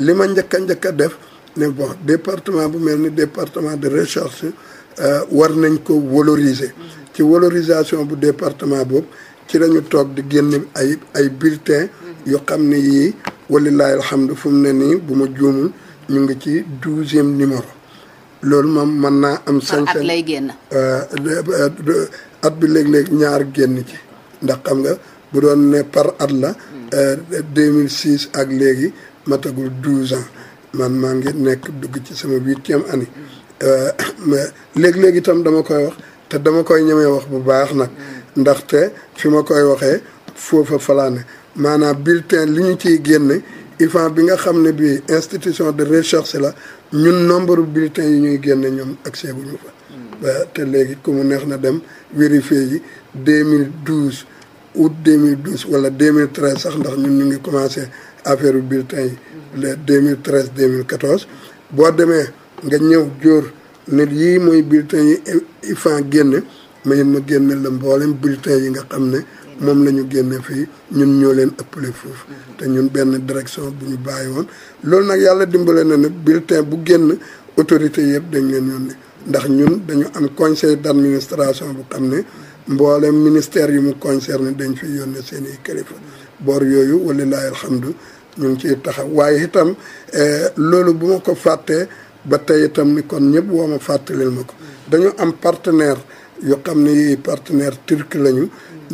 li ma njëkk a def ne bon département bu mel ni département de recherche euh, war nañ ko valoriser ci valorisation bu département boobu ci la ñu toog di génn ay ay bulletins yoo xam ne yii walilahi alhamdu fu mu ne nii bu ma juumul ñu ngi ci douzième numéro loolu moom man naa am sañ-sañ at lay euh, at bi léeg-léeg ñaar génn ci ndax xam nga bu doon ne par at la 2006 hmm. euh, ak léegi matagul douze ans man maa ngi nekk dugg ci sama huitième année hmm. euh, léeg-léeg itam dama koy wax te dama koy ñemee wax bu baax nag hmm. ndaxte fi ma koy waxee foofa falaane maanaam bulletin li ñu ciy génne IFAN bi nga xam ne bii institution de recherche la ñun nombre bulletin yi ñuy génne ñoom accès bu ñu fa. Hmm. ba te léegi ku mu neex na dem vérifier yi 2012 août 2012 wala 2013 sax ndax ñun ñu ngi commencé affaire bulletin yi. les 2013 2014 boo demee nga ñëw jóor ne yii mooy bulletin yi IFAN génne. mais ma génne la mboolem bulletin yi nga xam ne moom la ñu génne fii ñun ñoo leen ëppale foofu te ñun benn direction bu ñu bàyyi woon loolu nag yàlla dimbale na nag bulletin bu génn autorité yëpp dañ leen yónni ndax ñun dañu am conseil d'administration bu xam ne mboolem ministère yu mu concerné dañ fi yónne seen i kilifa boor yooyu walilahi alxamdu ñu ngi ciy taxaw waaye itam eh, loolu bu ma ko fàttee ba tey itam ni kon ñëpp woo ma fàttalil ma ko dañu am partenaire yoo xam ne partenaire turc lañu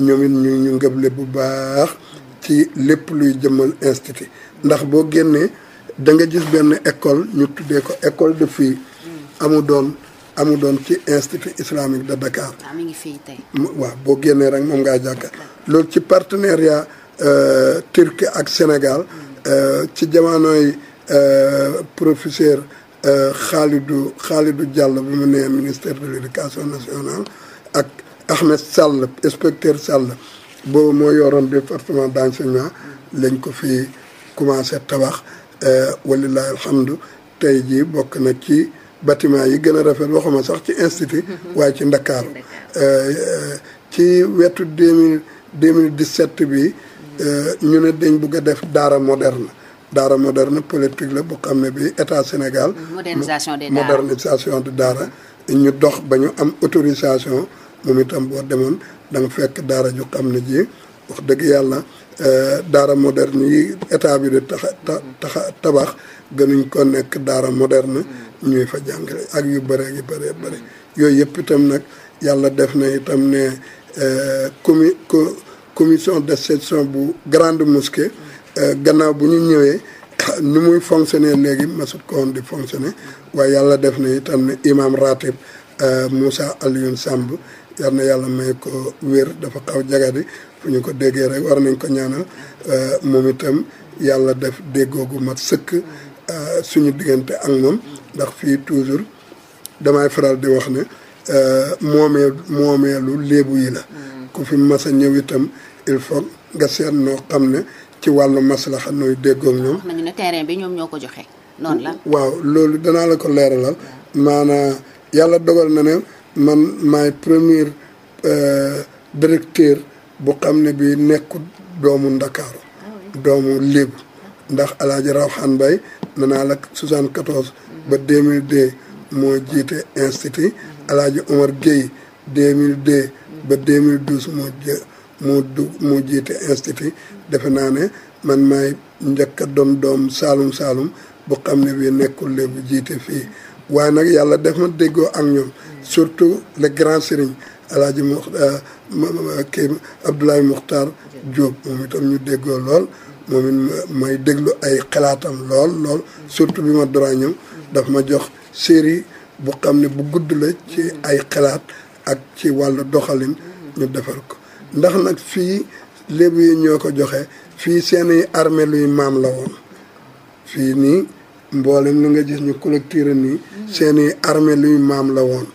ñoom it ñu ñu ngëble bu baax ci lépp luy jëmal institut ndax boo génnee da nga gis benn école ñu tuddee ko école de fii amu doon amu doon ci institut islamique de Dakar ah, mi ngi waaw boo génnee rek moom ngaa jàkka loolu ci partenariat euh, turc ak Sénégal hmm. euh, ci jamonoy euh, professeur Euh, Khalidou Khalidou Diallo bi mu nee ministère de l' éducation nationale ak Ahmed Sall inspecteur sàll boobu moo yoroon département d' enseignement lañ ko fi commencé tabax euh, walilahi alhamdu tey jii bokk na ci batiment yi gën a rafet waxuma sax ci institut waaye ci Ndakaaru euh, ci wetu deux mille deux mille dix-sept bi ñu ne dañ bugg a def daara moderne daara moderne politique la bu xam ne bi état Sénégal. Mm, modernisation des daara modernisation de daara. ñu dox ba ñu am autorisation moom itam boo demoon da fekk daara ju xam ne ji wax dëgg yàlla euh, daara moderne yi état bi di taxa taxa tabax gënuñ ko nekk daara moderne. Mm. ñuy fa jàngale ak yu bëree yu bëree bëri. yooyu yëpp itam nag yàlla def na itam ne euh, comi commission de section bu grande mosquée. Euh, gannaaw bu ñu ñëwee ni muy fonctionner léegi masut ko di fonctionner waaye yàlla def na itam ne imam ratib euh, Moussa Alioune Samb yal na yàlla may ko wér dafa xaw jagadi fu ñu ko déggee rek war nañ ko ñaanal euh, moom itam yàlla def déggoo gu mat sëkk suñu diggante ak moom ndax fii toujours damay faral di wax ne moomee moomeelu léebu yi la mm. ku fi mas ñëw itam il faut nga seet noo xam ne ci wàllu maslaxa nuy déggoo ak ñoom. nañu ne ñoo ko joxe waaw loolu danaa la ko leeralal maanaa yàlla dogal na ne man maay premier euh, directeur bu xam ne bi nekkul doomu Ndakaaru doomu Lébu ndax Alaaji Rawxaan Bay nanaa la 74 ba 2002 moo jiite institut Alaaji Omar Gueye 2002 ba 2012 moo moo du moo jiite institut defe naa ne man maay njëkk a doon doom saalum saalum bu xam ne bii nekkul bu jiite fii waaye nag yàlla def ma déggoo ak ñoom surtout le grand sëriñ alaaji mu euh, kii Abdoulaye Muxtaar Diop moom ñu déggoo lool moom it may déglu ay xalaatam lool lool surtout bi ma dora ñëw daf ma jox série bu xam ne bu gudd la ci ay xalaat ak ci wàllu doxalin ñu defar ko ndax nag fii lébu yi ñoo ko joxe fii seeni armée luy maam la woon fii nii mboolem lu nga gis ñu collecté nii seeni armée luy maam la woon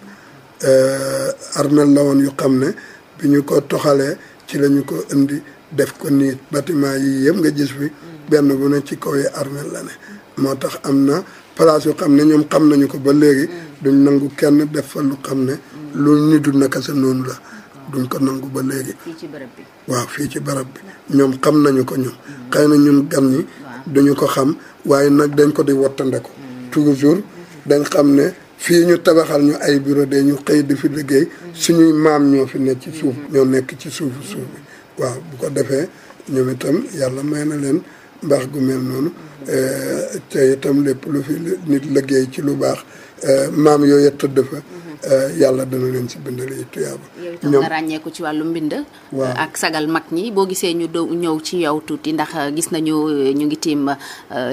euh, armée la woon yu xam ne bi ñu ko toxalee ci lañu ko indi def ko nii bâtiment yi yëpp nga gis bi benn bu ne ci kaw yi armée la ne moo tax am na place yu xam ne ñoom xam nañu ko ba léegi mm. duñ nangu kenn def fa lu xam ne mm. lu du naka sa noonu la duñ ko nangu ba léegi. ci barab waaw fii ci barab bi ñoom xam nañu ko ñoom. Hmm. xëy nañu ñun gan ñi. ko xam waaye nag dañ ko di wattande ko. Hmm. toujours hmm. dañ xam ne fii ñu tabaxal ñu ay bureau de ñu xëy di fi liggéey suñuy maam ñoo fi nekk ci suuf ñoo nekk ci suufu suuf bi waaw bu ko defee ñoom itam yàlla may na leen mbaax gu mel noonu eh, te itam lépp lu fi nit liggéey ci lu baax eh, maam yooyu tëdd fa Eh, yàlla dana leen ci bindal yi tuyaaba. yow itam nga ràññeeku ci wàllu mbind. ak sagal mag ñi boo gisee ñu do ñëw ci yow tuuti ndax eh, gis nañu eh, ñu ngi tiim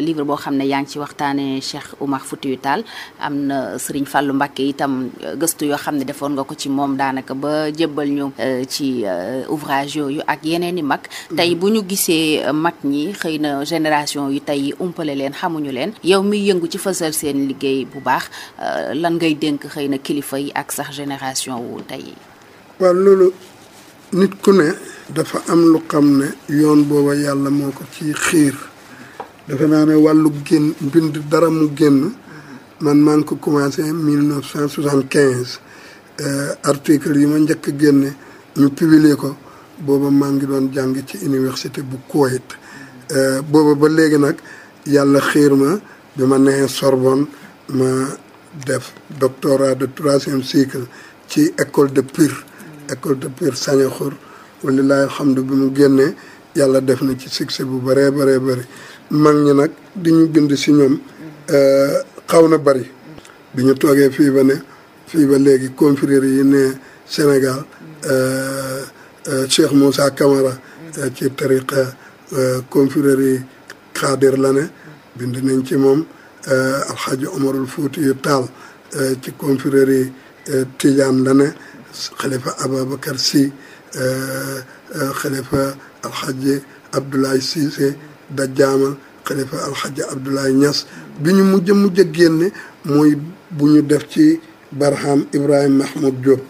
livre boo xam ne yaa ngi ci waxtaanee Cheikh Oumar Foutiyou Tall am na Serigne Fallou Mbacké itam gëstu yoo xam ne defoon nga ko ci moom daanaka ba jébbal ñu ci ouvrage yooyu ak yeneen i mag. tey bu ñu gisee mag ñi xëy na génération yi tey umpale leen xamuñu leen yow miy yëngu ci fësal seen liggéey bu baax lan ngay dénk xëy na kilifa yi ak sax génération wu tey. waaw loolu nit ku ne. dafa am lu xam ne yoon booba yàlla moo ko ci xiir dafa naa ne wàllu génn mbind dara mu génn man maa ngi ko commencé mille neuf cent soixante quinze euh, article yi ma njëkk génne ñu publier ko booba maa ngi doon jàng ci université bu Koweït euh, booba ba léegi nag yàlla xiir ma bi ma nee Sorbonne ma def doctorat de troisième cycle ci école de Pire école de Pire Sañaxur walilahi alhamdu bi mu génnee yàlla def na ci succès bu bëree bëree bari mag ñi nag di ñu bind si ñoom euh, xaw na bëri bi ñu toogee fii ba ne fii ba léegi confréries yi ne Sénégal euh, euh, Cheikh Moussa Camara ci tariqa confrérie Xaadir la ne bind nañ ci moom Eh, alxaaji omarul fuuti taal eh, ci confrérie eh, tijaan la ne xalifa ababacar si xalifa alxaaji abdoulaye siise dajjaama xalifa alxaaji abdoulaye ñas bi ñu mujj mujj a génne ñu def ci barham ibrahima mahmoud diop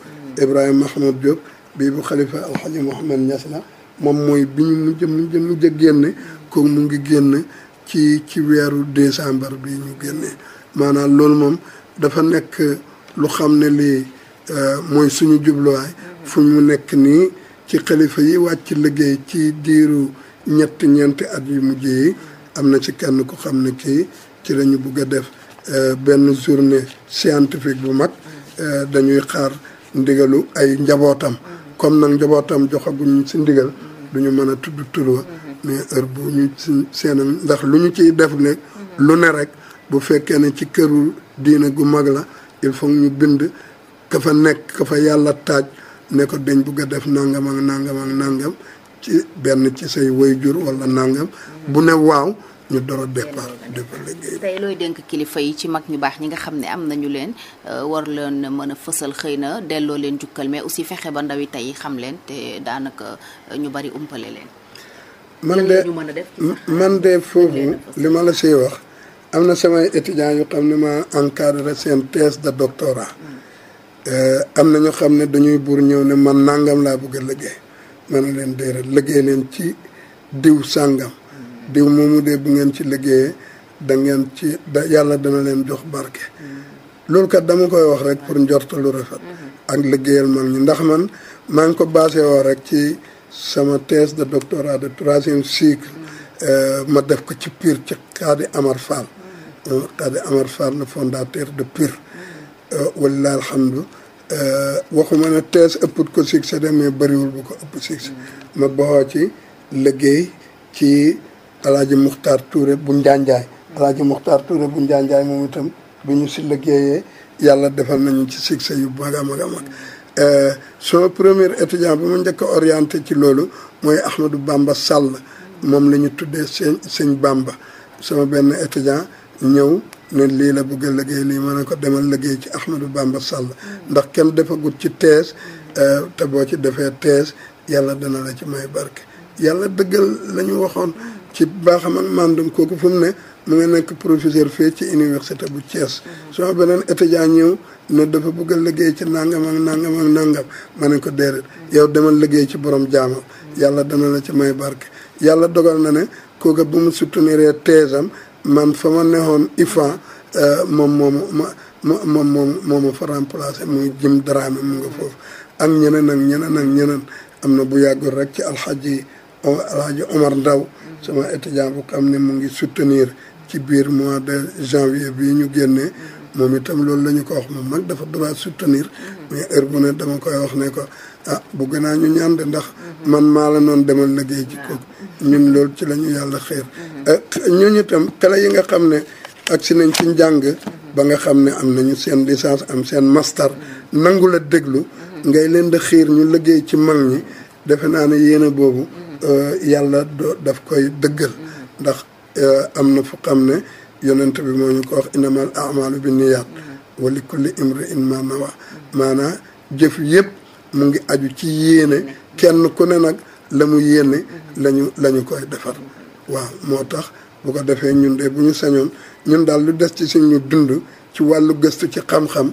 ibrahima mahmoud diop bii bu alxaaji mohamad ñas la moom mooy bi ñu mujj mujj mujj mu ngi génn ci ci weeru décembre bi ñu génnee maanaam loolu moom dafa nekk lu xam ne lii euh, mooy suñu jubluwaay fu mu nekk nii ci xalifa yi wàcc liggéey ci diiru ñetti ñeenti at yu mujj yi am na ci kenn ko xam ne kii ci la ñu bugg a def euh, benn journée scientifique bu mag euh, dañuy xaar ndigalu ay njabootam comme nag njabootam joxaguñ si ndigal du ñu mën a tudd tudd mais heure bu ñu seen ndax lu ñu ciy def ne lu ne rek bu fekkee ne ci këru diine gu mag la il faut ñu bind ka fa nekk ka fa yàlla taaj ne ko dañ bugg a def nangam ak nangam ak nangam ci benn ci say waajur walla nangam bu ne waaw ñu door a départ defar liggéey looy dénk kilifa yi ci mag ñu baax ñi nga xam ne am nañu leen euh, war leen mën a fësal xëy na delloo leen jukkal mais aussi fexe ba ndawi tey xam leen te daanaka euh, ñu bari umpale leen man de de foofu li ma la si wax am na samay étudiants yu xam ne ma encadré seen thèse de doctorat hmm. euh, am na ñu xam ne dañuy buur ñëw ne man nangam laa bëgg a liggéey man leen déedéet liggéey leen ci diw sàngam diw moomu de bu ngeen ci liggéeyee da ngeen ci da yàlla dana leen jox barke. Mm-hmm. loolu kat dama koy wax rek pour njort lu rafet. Mm-hmm. ak liggéeyal mag ñi ndax man maa ngi ko basé woo rek ci sama thèse de doctorat de troisième cycle. Mm-hmm. Euh, ma def ko ci piir ci Kadi Amar Fall. Euh, Kadi Amar Fall le fondateur de Pire. Euh, wallaahi alhamdu waxuma ne thèse ëpput ko succès mais bëriwul bu ko ëpp succès. ma boo ci liggéey ci. alaaji muxtaar Touré bu njaanjaay alaaji muxtaar Touré bu njaanjaay moom itam bu ñu si liggéeyee yàlla defal nañu ci succès yu mag a mag a mag euh, sama premier étudiant bi ma njëkk a ci loolu mooy Ahmadou Bamba Sall moom la ñu tuddee sëñ baam ba sama benn étudiant ñëw ne lii la bëgg a liggéey lii ma ne ko demal liggéey ci Ahmadou Bamba Sall ndax kenn defagut ci thèse euh, te boo ci defee thèse yàlla dana la ci may barke yàlla dëggal lañu ñu waxoon ci baaxam ak mandum kooku fu ne mu ngi nekk professeur fee ci université bu Thiès. Mhm. soo beneen étudiant ñëw ne dafa bëgg a liggéey ci nangam ak nangam ak nangam ma ne ko déedéet. Mhm. yow demal liggéey ci borom jaamam. Mhm. yàlla dana la ci may barke. yàlla dogal na ne kooku bu mu soutenir thèse am man fa ma neexoon IFAN euh, moom moomu ma moom moom moomu fa remplacé muy jëm daraame mu nga foofu ak ñeneen ak ñeneen ak ñeneen am na bu yàggul rek ci alxaji alxaji Omar Ndaw sama étudiant bu xam ne mu ngi soutenir ci biir mois de janvier bii ñu génnee moom itam loolu la ko wax moom nag dafa droit soutenir mais heure bu ne dama koy wax ne ko ah bëgg naa ñu ñaan de ndax man maa la noon demal liggéey ci ko ñun lool ci la ñu yàlla xeer ñooñu eh, itam xale yi nga xam ne agsi nañ ci njàng ba nga xam ne am nañu seen licence am seen mastar nangu la déglu ngay leen di xiir ñu liggéey ci mag ñi defe naa ne yéene boobu Euh, yàlla daf koy dëggal ndax euh, am na fu xam ne yonent bi moo ñu ko wax inamal amalu bi niyaat wa li kulli imri in ma nawa maanaa jëf yëpp mu ngi aju ci yéene kenn ku ne nag la mu yéene lañu la ñu koy defar waaw moo tax bu ko defee ñun de bu ñu sañoon ñun daal lu des ci ñu dund ci wàllu gëstu ci xam-xam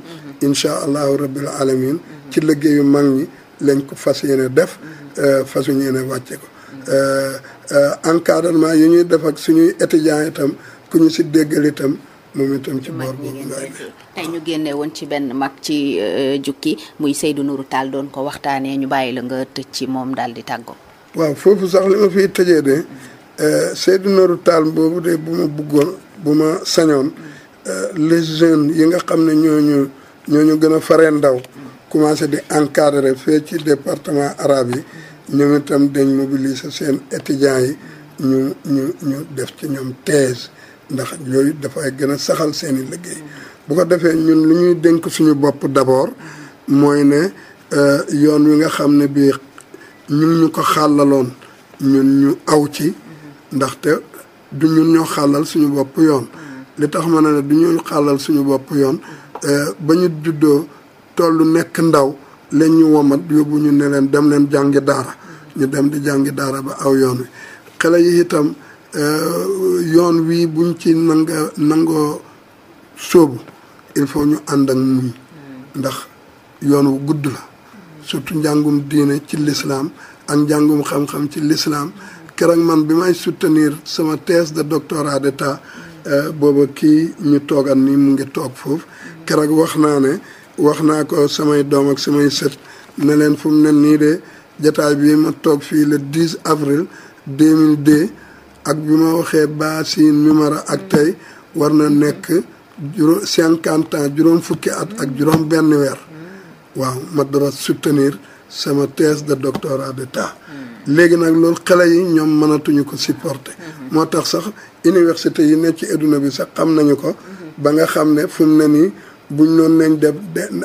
incha allahu rabbil alamin ci liggéeyu mag ñi lañ ko fas yéene def euh, fasuñu yéene wàcce ko Euh, euh, encadrement yu ñuy def ak suñuy étudiants itam ku ñu si déggal itam moom itam ci boor boobu génne woon ci benn mag ci euh, jukki muy Seydou Nourou Tall doon ko waxtaanee ñu bàyyi la nga tëj ci moom daal di tàggoo. waaw foofu sax li ma fiy tëjee de Seydou Nourou boobu de bu ma bu ma sañoon les jeunes yi nga xam ne ñooñu ñooñu gën a faree ndaw commencé di encadrer fee ci département arabe yi. ñoom itam dañ mobiliser seen étudiants yi ñu ñu ñu def ci ñoom thèse ndax yooyu dafay gën a saxal seen i liggéey bu ko defee ñun lu ñuy dénk suñu bopp d'abord mooy ne euh, yoon wi nga xam ne bii ñu ñu ko xàllaloon ñun ñu aw ci ndaxte du ñun ñoo xàllal suñu bopp yoon li tax ma ne du ñu xàllal suñu bopp yoon euh, ba ñu juddoo tollu nekk ndaw lañ ñu womat yóbbu ñu ne leen dem leen jàngi daara ñu dem di jàngi daara ba aw yoon wi xale yi itam euh, yoon wi buñ ci nanga nangoo sóobu il faut ñu ànd ak muñ ndax yoon wu gudd la surtout njàngum diine ci lislaam ak njàngum xam-xam ci lislaam keroog man bi may soutenir sama thèse de doctorat d'état euh, booba kii ñu toogal ni mu ngi toog foofu keroog wax naa ne wax naa ko samay doom ak samay sët ne leen fu mu ne nii de jataay bi ma toog fii le 10 avril 2002 ak bi ma waxee ba si numéro ak tey war na nekk juróom cinquante ans juróom fukki at ak juróom benn weer waaw ma dara soutenir sama thèse de doctorat d'état léegi nag loolu xale yi ñoom mënatuñu ko supporter moo tax sax université yi nekk ci adduna bi sax xam nañu ko ba nga xam ne fu mu ne nii buñ noonu nañ def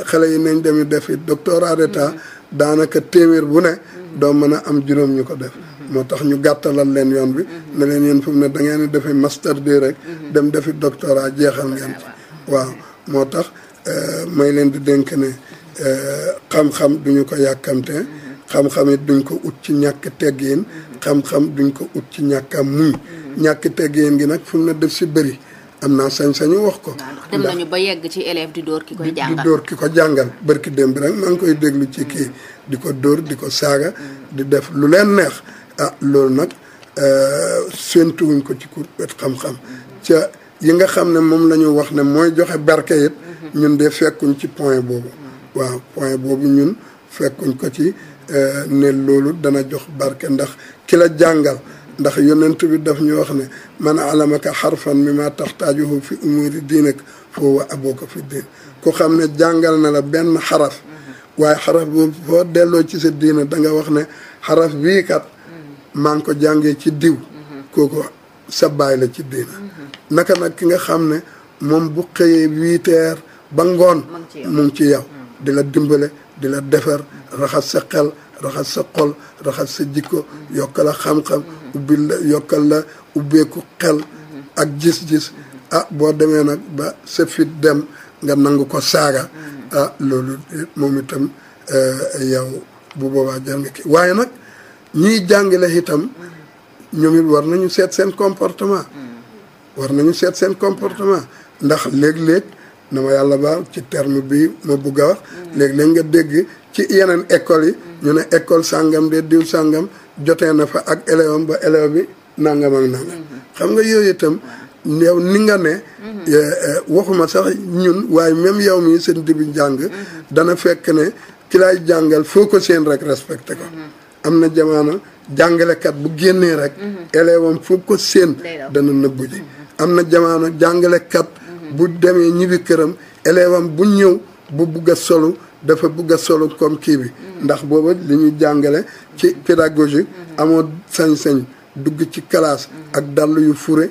xale yi nañ dem defi doctorat d'état daanaka téeméer bu ne doo mën a am juróom ñu ko def moo tax ñu gàttalal leen yoon bi ne leen yéen fu mu ne da ngeen di defi master di rek dem defi doctorat jeexal ngeen ci waaw moo tax euh, may leen di denk ne euh, xam-xam duñu ko yàkkamte xam-xam duñ ko ut ci ñàkk teggin xam-xam duñ ko ut ci ñàkk a muñ ñàkk teggin gi nag fu mu def si bëri am naa sañ-sañu wax ko. dem nañu ba yegg ci élève di dóor ki koy jàngal di dóor ki ko jàngal barki démb rek maa ngi koy déglu ci kii di ko dóor di ko saaga. di def lu leen neex ah loolu nag euh, séentuwuñ ko ci kur xam-xam ca yi nga xam ne moom la ñu wax ne mooy joxe barke it mhm. ñun de fekkuñ ci point boobu. waaw point boobu ñun fekkuñ ko ci euh, ne loolu dana jox barke ndax ki la jàngal. ndax yonent bi daf ñu wax ne man alamaka xarfan mi ma taxtaajuhu fi umuri diinak foofu abooka fi diin ku xam ne jàngal na la benn xaraf waaye xaraf boobu foo delloo ci sa diina da nga wax ne xaraf bii kat maa ngi ko jàngee ci diw kooku sa baay la ci diina naka nag ki nga xam ne moom bu xëyee huit heures ba ngoon mu ci yow hmm. di la dimbale di la defar raxas sa xel raxas sa xol raxas sa jikko hmm. yokk la xam-xam hmm. ubbil la yokkal la ubbeeku xel ak jis jis ah boo demee nag ba sa fit dem nga nangu ko saaga a ah, loolu moom itam eh, yow bu boobaa jar ki waaye nag ñiy jàngale itam ñoom it war nañu seet seen comportement mm. war nañu seet seen comportement ndax léeg-léeg na ma yàlla baax ci terme bi ma bugg a wax léegi léeg nga dégg ci yeneen école yi ñu ne école sàngam de diw sàngam jotee na fa ak élève ba élève bi nangam ak xam nga yooyu itam yow ni nga ne mm-hmm. eh, eh, waxuma sax ñun waaye même yow mii seen dibi jàng mm-hmm. dana fekk ne ki jàngal foo ko seen rek respecté ko mm-hmm. am na jamono jàngalekat bu génnee rek foo ko seen dana jàngalekat bu demee ñibbi këram élève am bu ñëw bu bugg solu dafa bugga a solu comme kii bi ndax booba li ñu jàngale ci pédagogique amoo sañ-sañ dugg ci classe ak dàll yu fure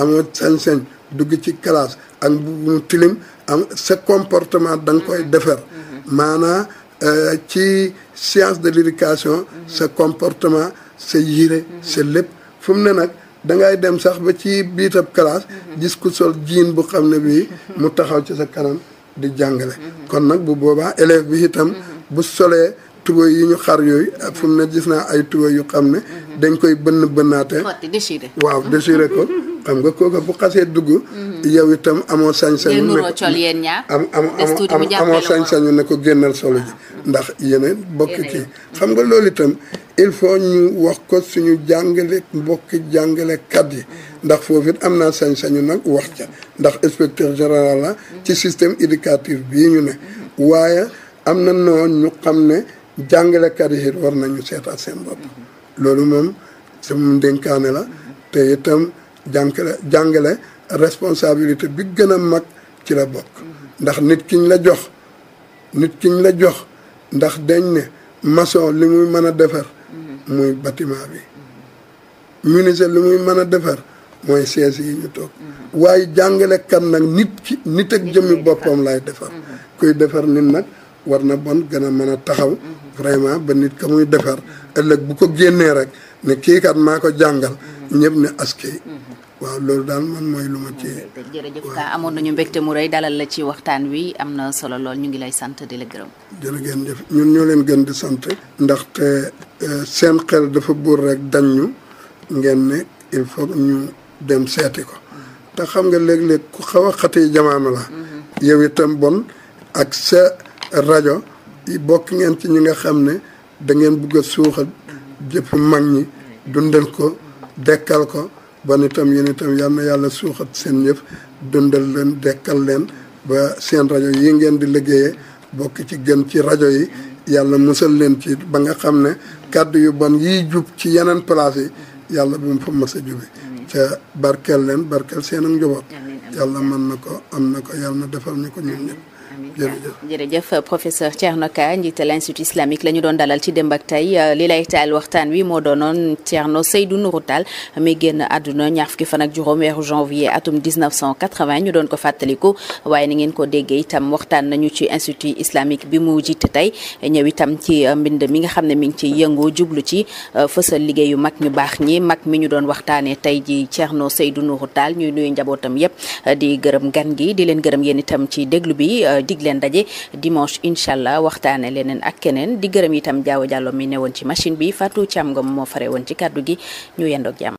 amoo sañ-sañ dugg ci classe ak bu tilim am sa comportement da koy defar maanaa euh, ci science de l'éducation sa comportement sa yiire sa lépp fu mu ne nag dangay dem sax ba ci biitab classe mhm. gis ku sol jiin bu xam ne bii mhm. mu taxaw ci sa kanam di jàngale mhm. kon nag bu boobaa élève bi itam bu solee tubéy yi ñu xar yooyu fu mu ne gis naa ay tubéy yu xam ne dañ koy bënn bënnaate waaw déchiré ko xam nga kooka bu xasee dugg. Mhm. yow itam amoo sañ-sañu. ne am am amoo sañ-sañu ne ko génnal solo ji. Ah. ndax yeneen bokk kii xam nga loolu itam il faut ñu wax ko suñu jàngale mbokki kat yi. Mhm. ndax foofu it am naa sañ-sañu nag wax ca ndax inspecteur général la mhm. ci système éducatif bii ñu ne. waaye am na noonu ñu xam ne jàngalekat yi war nañu seetaat seen bopp. loolu moom sama ndénkaane la te itam. jànkale jàngale responsabilité bi gën a mag ci la bokk ndax nit kiñ la jox nit kiñ la jox ndax dañ ne maçon li muy mën a defar muy bâtiment bi menuisier li muy mën a defar mooy chaise yi ñu toog waaye jàngalekat nag nit ki nit ak jëmmi boppam lay defar kuy defar nit nag war na bon gën a mën a taxaw vraiment ba nit ka muy defar ëllëg bu ko génnee rek ni kiikat maa ko jàngal ñëpp ne askay mhm. waaw loolu daal man mooy lu ma ci jërëjëf amoon nañu mbégte mu rëy dalal ci waxtaan wi am na solo lool ñu ngi lay sant di la gërëm jërë ngeen jëf ñun ñoo leen gën di sant ndaxte eh, seen xel dafa buur rek dañu ngeen ne il faut ñu dem seeti ko mhm. te xam nga léeg-léeg ku xaw a xati jamaano la mhm. yow itam bon ak sa rajo bokk ngeen ci ñu nga xam ne dangeen ngeen bëgg a suuxal jëf mag ñi dundal ko dekkal ko ba ni tam yéen itam yal yàlla suuxat seen yëf dundal leen dekkal leen ba seen rajo yi ngeen di liggéeyee bokk ci gën ci rajo yi yàlla musal leen ci ba nga xam ne kàddu yu bon yi jub ci yeneen place yi yàlla bu mu fa mës jubi ca barkeel leen barkeel seen ak njaboot yàlla mën na ko am na ko yàlla na defal ñu ko ñun ñëpp jërëjëf jërëjëf professeur Thierno Ka njiital institut islamique la ñu doon dalal ci démb ak tey li lay taal waxtaan wi moo doonoon Thierno Seydou Nourou Tall mi génn àdduna ñaar fukki fan ak juróom weeru janvier atum 1980 ñu doon ko fàttaliku waaye ni ngeen ko déggee itam waxtaan nañu ci institut islamique bi mu jiite tey ñëw itam ci euh, mbind mi nga xam ne mi ngi ci yëngoo jublu ci euh, fësal liggéeyu mag ñu baax ñi mag mi ñu doon waxtaanee tey ji Thierno Seydou Nourou taal ñuy nuy njabootam yépp di gërëm gan gi di leen gërëm yéen itam ci déglu bi euh, dig leen daje dimanche incha allah waxtaane leneen ak keneen di gërëm itam jaaw jàllo mi woon ci machine bi Fatou Thiam Ngom moo fare woon ci kàddu gi ñu yendoog jàmm